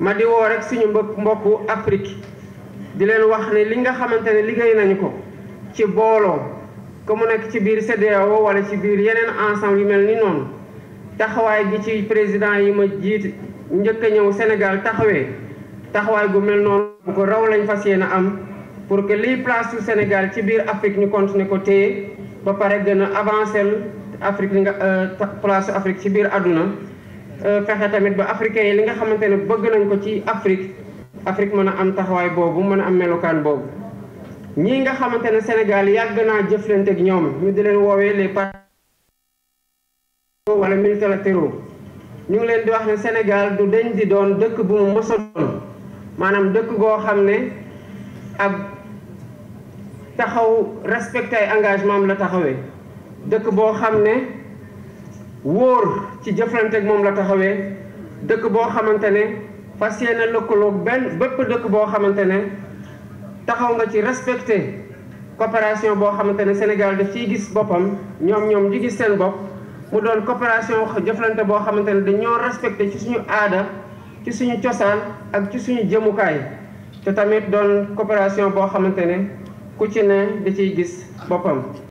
ma rek suñu mbokk mbokku Afrique di leen wax ne li nga xamante ne liggéey nañu ko ci booloo ko mu nekk ci biir CEDEAO wala ci biir yeneen ensemble yu mel ni noonu taxawaay gi ci président yi ma jiit njëkk ñëw Sénégal taxawee taxawaay gu mel noonu bu ko raw lañ fas yéene am pour que liy place su Sénégal ci biir Afrique ñu continuer ko té ba pare gën a avancer Afrique li nga euh, place Afrique ci biir àdduna Euh, fexe tamit ba africain yi li nga xamante ne bëgg nañ ko ci Afrique Afrique mën a am taxawaay boobu mën a am melokaan boobu. ñi nga xamante ne Sénégal yàgg naa jëflante ak ñoom ñu di leen woowee les partenaires wala multilatéraux ñu ngi leen di wax ne Sénégal du dañ di doon dëkk bu mu mës doon maanaam dëkk goo xam ne ab taxaw respecté ay engagement am la taxawee dëkk boo xam ne. wóor ci jëflante ak moom la taxawee dëkk boo xamante ne fas yéene lëkkaloog benn bépp dëkk boo xamante ne taxaw nga ci respecté coopération boo xamante ne Sénégal daf ciy gis boppam ñoom ñoom di gis seen bopp mu doon coopération jëflante boo xamante ne dañoo respecté ci suñu aada ci suñu cosaan ak ci suñu jëmukaay te tamit doon coopération boo xamante ne ku ci ne da ciy gis boppam